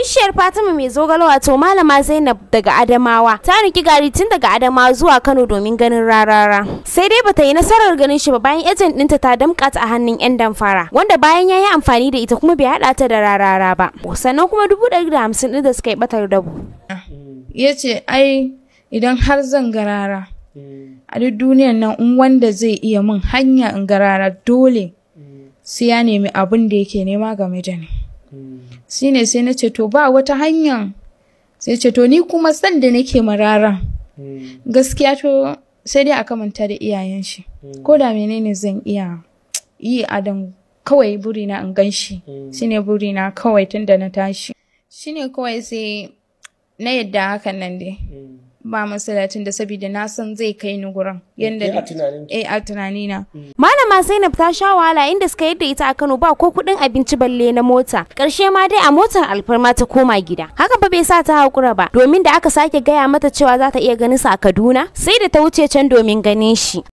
bishiyar Fatima mai zogalo wato Malama Zainab daga Adamawa ta riki gari tun daga Adamawa zuwa Kano domin ganin rarara. Sai dai bata yi nasarar ganin shi ba bayan ejen ɗinta ta damƙa ta a hannun 'yan damfara wanda bayan ya yi amfani da ita kuma bai haɗa ta da rarara ba. Sannan kuma dubu ɗari da hamsin ɗin da suka yi ɓatar dabu. Ya ce ai idan har zan garara a duk duniyar nan in wanda zai iya min hanya in garara dole sai ya nemi abin da yake nema game da ni. Sine sai na ce to ba wata hanyar sai ce to ni kuma san da nake mararan hmm. gaskiya to sai dai aka manta da iyayen shi hmm. ko da menene zan iya yi adam kawai burina in gan shi hmm. shine burina kawai tun da na tashi shine kawai sai na yadda hakan nan dai ba masalatin da saboda na san zai kai ni gurin eh, yanda eh, eh a tunanina malama Zainab ta sha wahala inda suka yadda ita a Kano ba ko kudin abinci balle na mota karshe ma dai a motar alfarma ta koma gida haka ba bai sa ta hakura ba domin da aka sake gaya mata cewa za ta iya ganin sa a Kaduna sai da ta wuce can domin ganin shi